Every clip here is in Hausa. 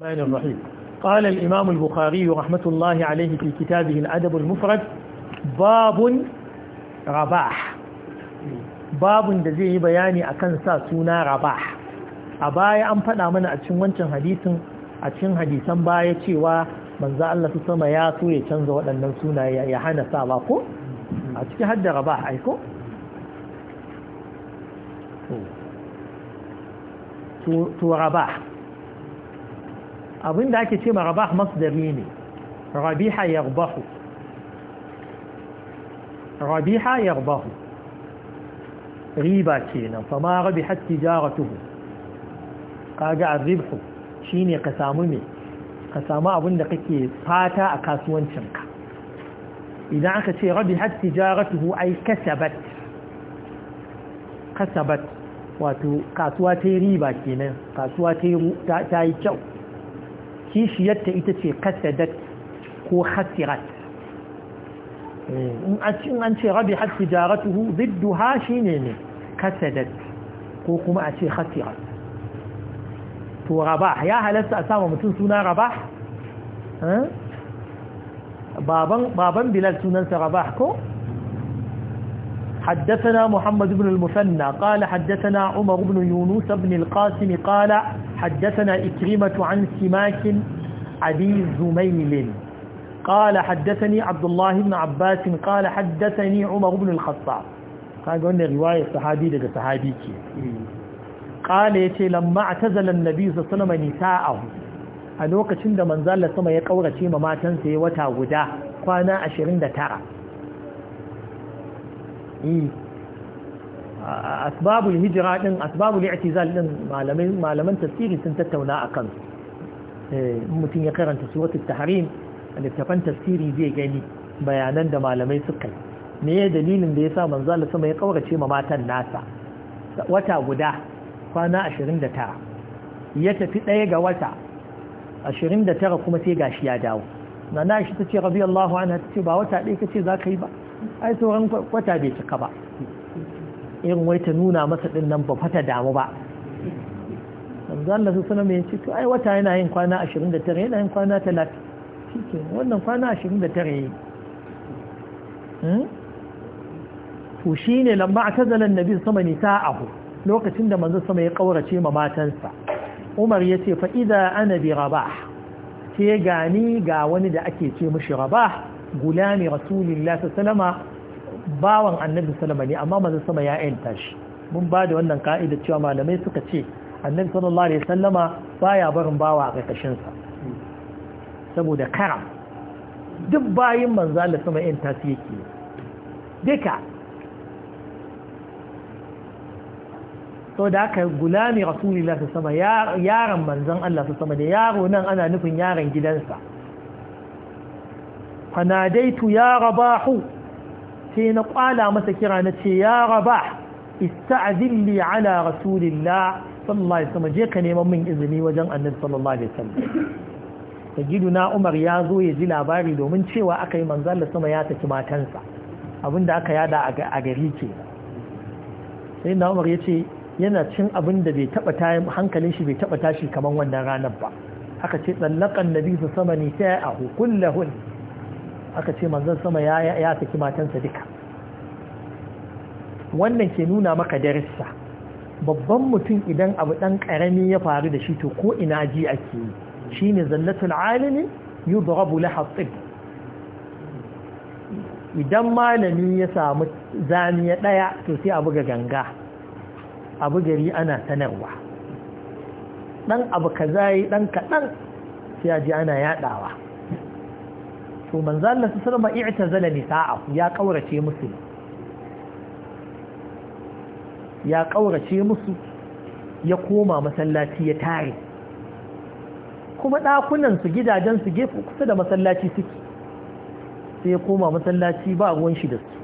الرحمن Imamul قال الإمام البخاري رحمة الله عليه في كتابه الأدب المفرد باب da zai yi bayani akan sa suna rabah a baya an faɗa mana a cikin wancan hadisin a cikin hadisan baya cewa manzo Allah sama ya so ya canza waɗannan sunaye ya hana sawa ko a cikin rabah ai ko rabah abinda ake ce ma rabah masdari ne rabiha yarbahu rabiha yarbahu riba kenan fa ma rabihat tijaratuhu kaga arribhu shine ka samu me ka samu abinda kake fata a kasuwancinka idan aka ce rabihat tijaratuhu ai kasabat kasabat wato kasuwa ta riba kenan kasuwa ta yi kyau kishiyarta ita ce kasadat ko hasirat eh, in an ce rabi har tijaratuhu zidduha shi ne ne kasadat ko kuma a ce hasirat to rabah ya halasta a sama mutum suna rabah eh? baban bilal sunansa rabah ko حدثنا محمد بن المثنى قال حدثنا عمر بن يونس بن القاسم قال حدثنا إكرمة عن سماك أبي زميل قال حدثني عبد الله بن عباس قال حدثني عمر بن الخطاب قال قلنا رواية صحابي لك صحابيك قال يتي لما اعتزل النبي صلى الله عليه وسلم نساءه a lokacin da manzala sama ya kaurace ma matansa ya wata guda kwana 29 asbabul hijira din asbabul i'tizal din malaman malaman tafsiri sun tattauna akan eh mutum ya karanta suratul tahrim littafan tafsiri zai gani bayanan da malamai suka yi me dalilin da yasa manzo Allah sama ya kaurace ma matan nasa wata guda kwana 29 ya tafi daya ga wata 29 kuma sai gashi ya dawo nana shi tace radiyallahu anha tace ba wata ɗaya kace za ka yi ba ai sauran kwata bai cika ba irin wai ta nuna masa din nan ba fata damu ba yanzu Allah su sanar mai ciki ai wata yana yin kwana 29 yana yin kwana 30 cike wannan kwana 29 hmm? to shi ne lamba a tazalan nabi sama nisa'ahu lokacin da manzo sama ya kaurace ma matansa Umar ya ce fa idza ana bi rabah ce gani ga wani da ake ce mishi rabah gulami rasulillah sallama bawan annabi sallama ne amma manzon sama ya yanta shi mun ba da wannan ka'ida cewa malamai suka ce annabi sallallahu alaihi sallama baya barin bawa a ƙarƙashin sa saboda karam duk bayin manza Allah sama yanta su yake duka so da aka gulami rasulillah sallama yaron manzon Allah sallama da yaro nan ana nufin yaron gidansa fanadaitu ya rabahu sai na kwala masa kira na ce ya rabah ista'zin li ala rasulillah sallallahu alaihi wasallam je ka neman min izini wajen annabi sallallahu alaihi wasallam na umar ya zo ya ji labari domin cewa aka yi manzo da sama ya tafi matansa abinda aka yada a gari ke sai na umar ya ce yana cin abin da bai taba tayin hankalin shi bai taba tashi kamar wannan ranar ba aka ce tsallakan nabi su sama ni sai a hukullahun aka ce manzon sama ya ya saki matansa duka wannan ke nuna maka darissa babban mutum idan abu dan karami ya faru da shi to ko ina ji ake yi shine zannatul alimi yudrabu la tib idan malami ya samu zaniya daya to sai a buga ganga a gari ana sanarwa dan abu kaza yi dan kadan sai ana yadawa to manzo Allah sallallahu alaihi wasallam i'tazala nisa'a ya kaurace musu ya kaurace musu ya koma masallaci ya tare kuma dakunan su gidajen su gefe kusa da masallaci suke sai ya koma masallaci ba ruwan shi da su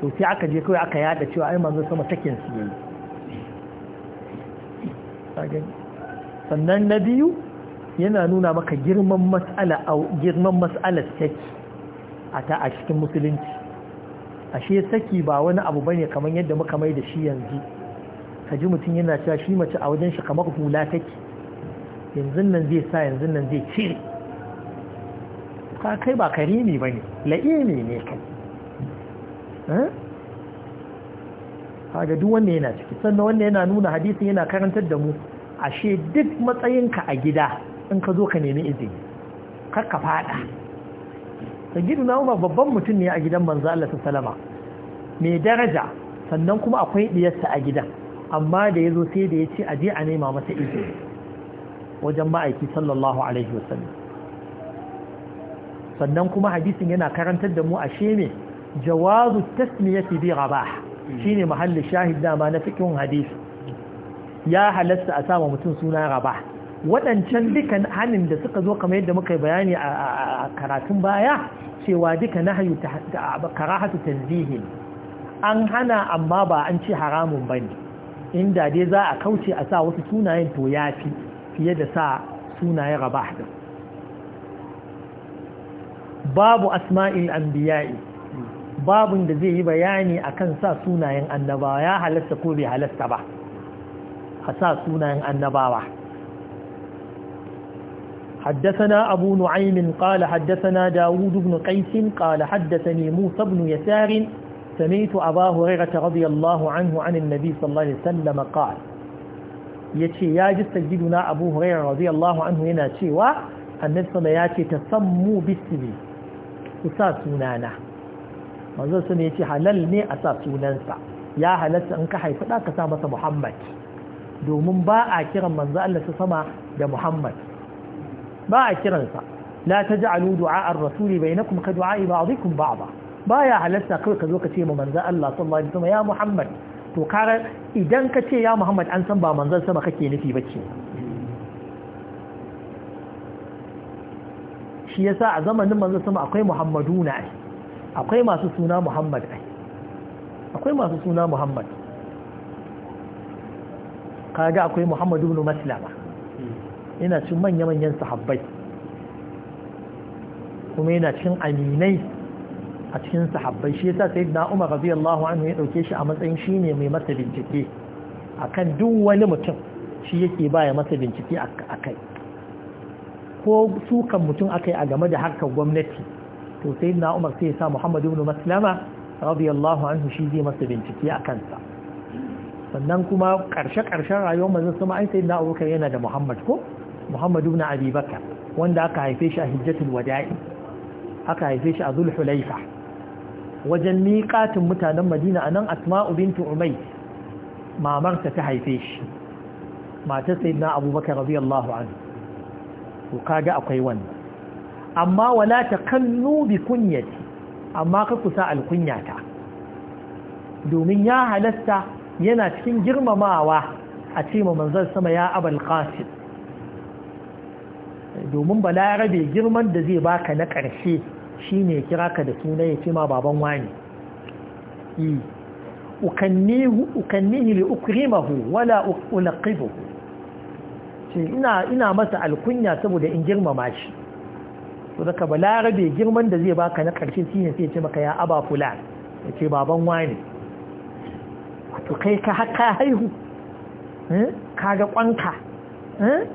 to sai aka je kawai aka yada cewa ai manzo sama sakin su yayi sannan na biyu yana nuna maka girman a girman mas'alar saki a ta a cikin musulunci ashe saki ba wani abu bane kamar yadda muka mai da shi yanzu kaji mutum yana cewa shi mace a wajen shi kamar hula take yanzu nan zai sa yanzu nan zai cire ka kai ba karimi ne la'imi ne kai eh? ga duk wanda yana ciki sannan wanda yana nuna hadisin yana karantar da mu ashe duk matsayinka a gida in ka zo ka nemi izini kar ka fada sagidu na umar babban mutum ne a gidan manzo Allah sallama mai daraja sannan kuma akwai diyarsa a gidan amma da yazo sai da yace aje a nema masa izini wajen ma'aiki sallallahu alaihi wasallam sannan kuma hadisin yana karantar da mu ashe ne jawazu tasmiyati bi rabah shine mahallin shahid dama na fikin hadisi ya halatta a sama mutum suna rabah waɗancan duka hannun da suka zo kamar yadda muka bayani a karatun baya cewa duka na hayu karahatu tanzihin an hana amma ba an ce haramun ba ne inda dai za a kauce a sa wasu sunayen to ya fi fiye da sa sunayen raba babu asma'il an biya'i babun da zai yi bayani a kan sa sunayen annabawa ya halasta ko bai halasta ba a sa sunayen annabawa حدثنا أبو نعيم قال حدثنا داود بن قيس قال حدثني موسى بن يسار سمعت أبا هريرة رضي الله عنه عن النبي صلى الله عليه وسلم قال يتشي ياجد سيدنا أبو هريرة رضي الله عنه يناتشي النبي صلى الله عليه وسلم تسموا بالسبي وساسونانا manzon sun ya ce halal ne a sa sunansa ya halatta in ka haifi ɗa ka sa masa muhammad domin ba a kiran manzo Allah su sama da muhammad ba a kiransa la taj'alu du'a ar-rasuli kuma ka du'a ba ba, ba ya halarta kawai ka zo ka ce ma manzon Allah sallallahu alaihi wasallam ya Muhammad to kare idan ka ce ya Muhammad an san ba manzan sama kake nufi ba bace shi yasa a zamanin manzon sama akwai Muhammadu na ai akwai masu suna Muhammad ai akwai masu suna Muhammad kaga akwai Muhammadu ibn Maslama yana cin manya-manyan sahabbai kuma yana cin aminai a cikin sahabbai shi yasa sai na umar radiyallahu anhu ya dauke shi a matsayin shi ne mai masa bincike akan duk wani mutum shi yake baya masa bincike a kai ko sukan mutum akai a game da harkar gwamnati to sai na umar sai ya sa muhammad ibn maslama radiyallahu anhu shi zai masa bincike a kansa sannan kuma karshe-karshen rayuwar mazan sama ai sai na abubakar yana da muhammad ko muhammadu na abubakar wanda aka haife shi a hijjatul wada'i aka haife shi a zulhulaifa wajen miƙatin mutanen madina a nan asma'u bintu umai mamarta ta haife shi matar sayyidina abubakar radiyallahu anhu to kaga akwai wani amma wala takannu bi kunyati amma ka kusa alkunyata domin ya halasta yana cikin girmamawa a ce ma manzon sama ya abal qasim domin balarabe girman da zai baka na ƙarshe shine ya kira ka da suna ya ce ma baban wani ukannihi li ukrimahu wala ulaqibuhu ce ina ina masa alkunya saboda in girmama shi to daga balarabe girman da zai baka na ƙarshe shine sai ya ce maka ya aba fulan ya ce baban wani to kai ka haka haihu eh, ka ga ƙwanka. Eh,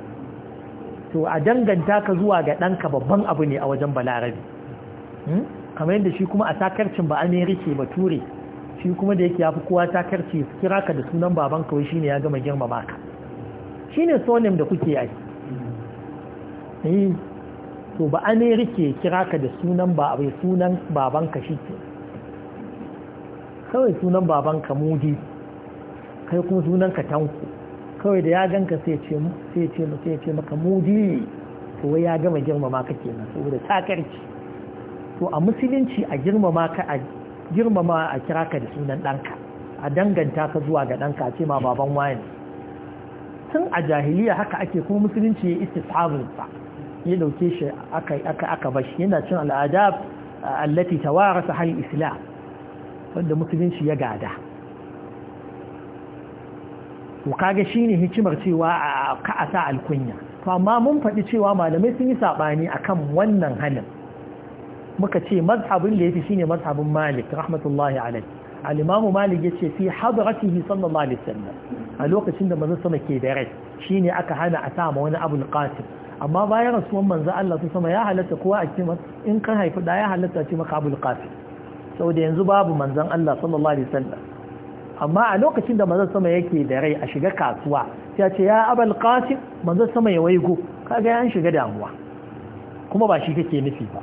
to a danganta ka zuwa ga ɗanka babban abu ne a wajen balarabi hmm? kamar yadda shi kuma a takarcin ba amerika ba ture shi kuma da yake ya fi kowa takarci kira ka da sunan baban kawai shi ne ya gama girma baka shi ne sonim da kuke yi to ba amerika ya kira ka da sunan babai hmm. eh, sunan ka shi ke kawai sunan baban ka mudi kai kuma sunan ka tanku kawai da ya ganka sai ce sai ce ce maka mudi to ya gama girmama ka kenan saboda takarci to a musulunci a girmama ka a girmama a kira ka da sunan ɗanka a danganta ka zuwa ga ɗanka ce ma baban wani tun a jahiliya haka ake kuma musulunci ya istisabun sa ya dauke shi aka aka aka bashi yana cin al'adab allati tawarasa hal islam wanda musulunci ya gada to kaga shine hikimar cewa ka a sa alkunya to amma mun faɗi cewa malamai sun yi saɓani a kan wannan halin muka ce mazhabin da yafi shine mazhabin Malik rahmatullahi alaihi al-Imam Malik yace fi hadratihi sallallahu alaihi wasallam a lokacin da manzo sama ke da rai shine aka hana a sama wani abul qatil amma bayan rasuwan manzo Allah ta sama ya halatta kowa a cikin in kan haifi da ya halatta ce maka abul qatil saboda yanzu babu manzon Allah sallallahu alaihi wasallam amma a lokacin da manzon sama yake da rai a shiga kasuwa ya ce ya abal qasim manzon sama ya waigo kaga ya shiga damuwa kuma ba shi kake nufi ba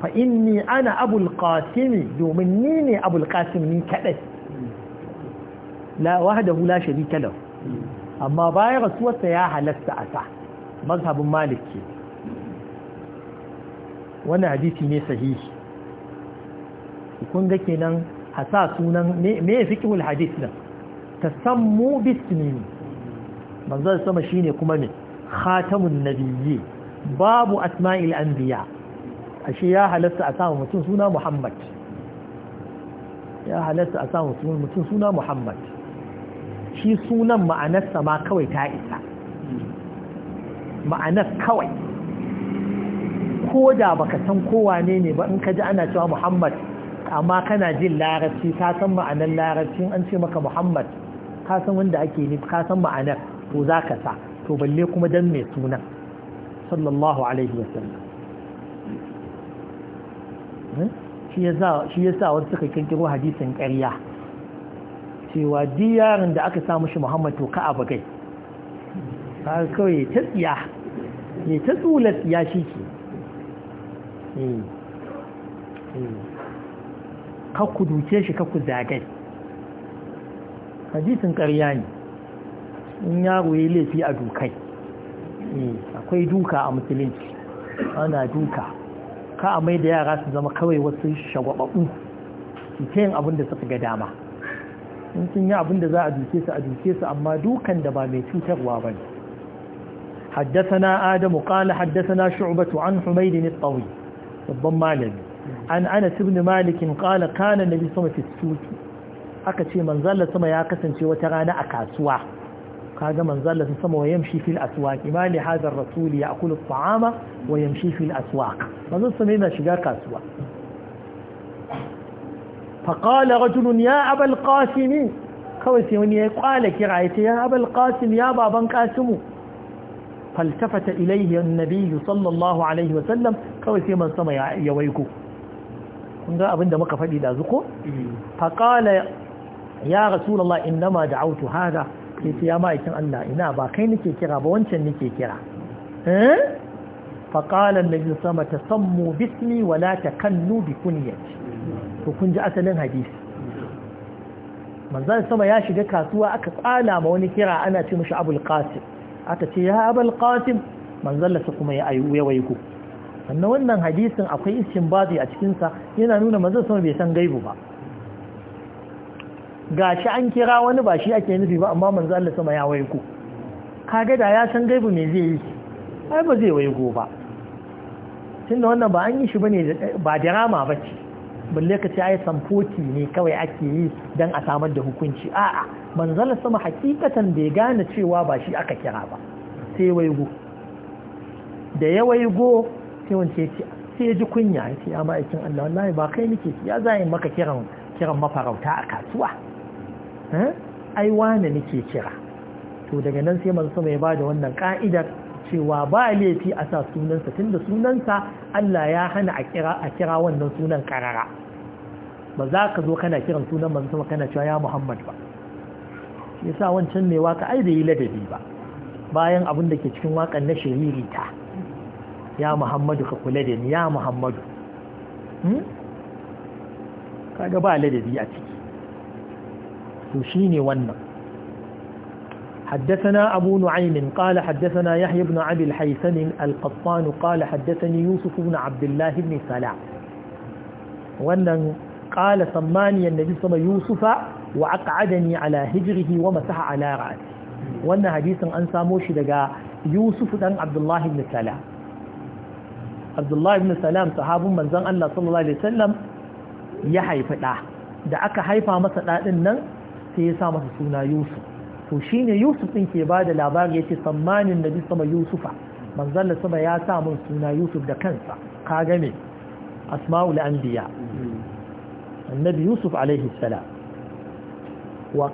fa inni ana abul qasim domin ni ne abul qasim ni kadai la wahdahu la sharika lahu amma bayan rasuwarsa ya halatta a sa mazhabin malik wannan hadisi ne sahihi kun ga kenan a sa sunan me ya fiƙi hadis nan ta sammu bismi manzan sama shi ne kuma ne khatamun nabiyyi babu asma'il anbiya ashe ya halatta a samu mutum suna muhammad ya halatta a samu mutum suna muhammad shi sunan ma'anarsa ma kawai ta isa ma'anar kawai ko da baka san kowa ne ne ba in ka ji ana cewa muhammad amma kana jin larabci ka san ma'anar larabci an ce maka muhammad ka san wanda ake nufi ka san ma'anar to za ka sa to balle kuma dan mai suna sallallahu alaihi wasallam eh? shi ya sa wasu suka kirkiro hadisin ƙarya cewa diyarin da aka samu shi muhammad to ka abu gai kawai ta tsiya ya ta tsula tsiya shi ke eh. Eh. kakku duke shi kakku zagai hadisin ƙarya ne in yaro ya laifi a dukai eh, akwai duka a musulunci ana duka ka a mai da yara su zama kawai wasu shagwababbu su ta yin abin da suka ga dama in sun yi abin za a duke su a duke su amma dukan da ba mai cutarwa ba ne haddasa na adamu حدثنا haddasa na shu'ubatu an ربما لدي babban malami an anas ibn malik qala kana annabi sama fi suq aka ce manzalla sama ya kasance wata rana a kasuwa kaga manzalla sama wa yamshi fil aswaq imali hadha ar-rasul ya'kulu at-ta'ama wa yamshi fil aswaq manzalla sama yana shiga kasuwa فقال رجل يا أبا القاسم كوسي وني قال كرايت يا أبا القاسم يا بابا قاسم فالتفت إليه النبي صلى الله عليه وسلم كوسي من سمع يويكو kun ga abinda muka faɗi da zuko faƙala ya rasulullah innama da'awtu hada sai ce ya ma'aikin Allah ina ba kai nake kira ba wancan nake kira eh? faƙalar nabi sama ta sammu bismi wala ta kannu bi kuniyati to kun ji asalin hadisi manzan sama ya shiga kasuwa aka tsala ma wani kira ana ce mashi abul qasim aka ce ya abul qasim manzan lasa kuma ya waiko sannan wannan hadisin akwai bazi a cikinsa yana nuna manzo sama bai san gaibu ba Ga shi an kira wani ba shi ake nufi ba amma manzo Allah sama ya waigo kage da ya san gaibu me zai yi ai ba zai waigo ba tunda wannan ba an yi shi bane ba ba bace balle ka ce ai samfoti ne kawai ake yi dan a samar da hukunci a'a manzo Allah sama hakikatan bai gane cewa ba shi aka kira ba sai waigo da ya waigo sai wance ya ce sai ya ji kunya ya ce ya ma'aikin Allah wallahi ba kai nake ya za yi maka kiran kiran mafarauta a kasuwa eh? ai wane nake kira to daga nan sai manzo mai bada wannan ka'idar cewa ba laifi a sa sunansa tunda sunansa Allah ya hana a kira a kira wannan sunan karara ba za ka zo kana kiran sunan manzo sama kana cewa ya Muhammad ba yasa wancan mai waka ai da yi ladabi ba bayan abin da ke cikin wakan na ta ya muhammadu ka kula da ni ya muhammadu kaga ba ladabi a ciki to shine wannan حدثنا أبو نعيم قال حدثنا يحيى بن عبد الحيثم القطان قال حدثني يوسف بن عبد الله بن سلام وأن قال سماني النبي صلى يوسف وأقعدني على هجره ومسح على رأسي وأن حديثا أنسى موشي لقى يوسف بن عبد الله بن سلام abdullahi ibn salam sahabin manzon Allah sallallahu alaihi wasallam ya haifi da da aka haifa masa da din nan sai ya sa masa suna yusuf to shine yusuf din ke bada labari yace tsammanin nabi sama yusufa manzon Allah sama ya sa mun suna yusuf da kansa ka ga me asma'ul anbiya annabi yusuf alaihi salam wa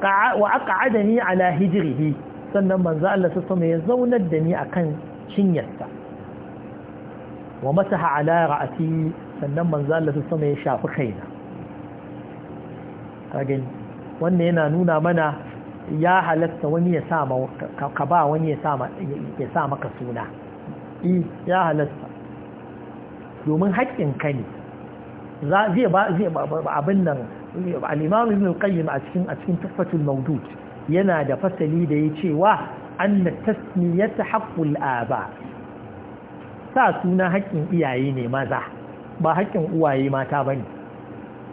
aq'adani ala hijrihi sannan manzon Allah sama ya zaunar da ni akan cinyarsa wa masaha ala ra'ati sannan manzo Allah sama ya shafi kaina kage wannan yana nuna mana ya halatta wani ya sa ma ka ba wani ya sa ma ya sa maka suna e, ya halatta domin haƙƙin ka ne za zai ba zai abin nan al-Imam Ibn al-Qayyim a cikin a cikin Tuhfatul Mawdud yana da fasali da ya cewa anna tasmiyata haqqul aba' sa suna haƙƙin iyaye ne maza ba haƙƙin uwaye mata ba ne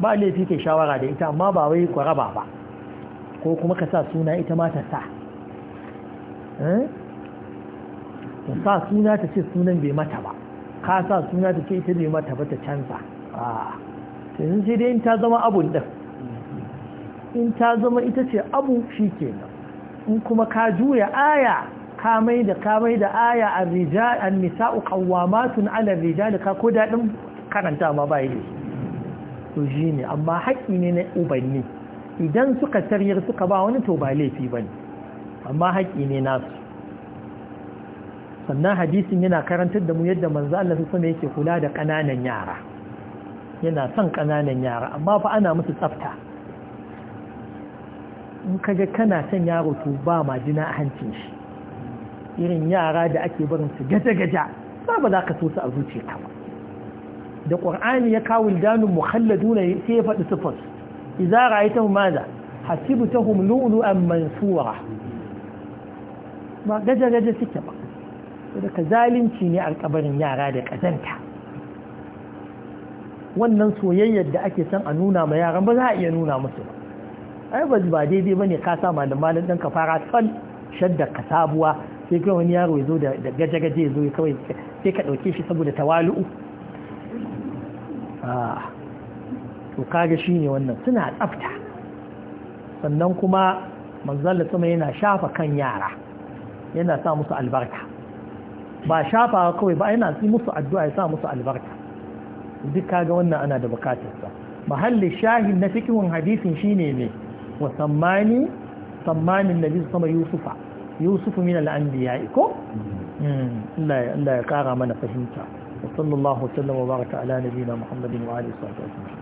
ba laifi kai shawara da ita amma ba wai kwaraba ba ko kuma ka sa suna ita ma ta sa ta eh? sa suna ta ce sunan bai mata ba ka sa suna ta ce ita bai mata ba ta canza a yi sai dai in ta zama abun ɗin in ta zama ita ce abu shi kenan in kuma ka juya aya kamai da kamai da aya a rija an nisa'u matun 'ala da ka ko dadin karanta ma ba yi to ne amma haƙƙi ne na ubanni idan suka tarihar suka ba wani to ba laifi ba ne amma haƙƙi ne nasu sannan hadisin yana karantar da mu yadda manzo Allah su sama yake kula da kananan yara yana son kananan yara amma fa ana musu tsafta in kaga kana son yaro to ba majina a hancin shi irin yara da ake barin su gaja-gaja ba ba za ka so su a zuciya ba da ƙur'ani ya kawo danun mukhalladuna sai ya faɗi maza, hasibu ra'aytahum madha hasibtahum lu'lu'an mansura ba gaja-gaja suke ba daga zalunci ne alƙabarin yara da ƙazanta wannan soyayyar da ake son a nuna ma yaran ba za a iya nuna musu ba ai ba ba daidai bane ka sa malamalin ɗan ka fara sal shadda ka sabuwa sai kai wani yaro ya zo da gaje-gaje ya zo kawai sai ka ɗauke shi saboda tawalu'u ah, to kaga shi ne wannan suna tsafta sannan kuma manzalla sama yana shafa kan yara yana sa musu albarka ba shafa kawai ba yana yi musu addu'a ya sa musu albarka duk kaga wannan ana da bukatarsa mahalli shahin na fikihun hadisin shine ne wa sammani sammanin nabi sama yusufa yusuf mina al-anbiya ko Allah ya kara mana fahimta wa sallallahu alaihi wa baraka ala nabiyina muhammadin wa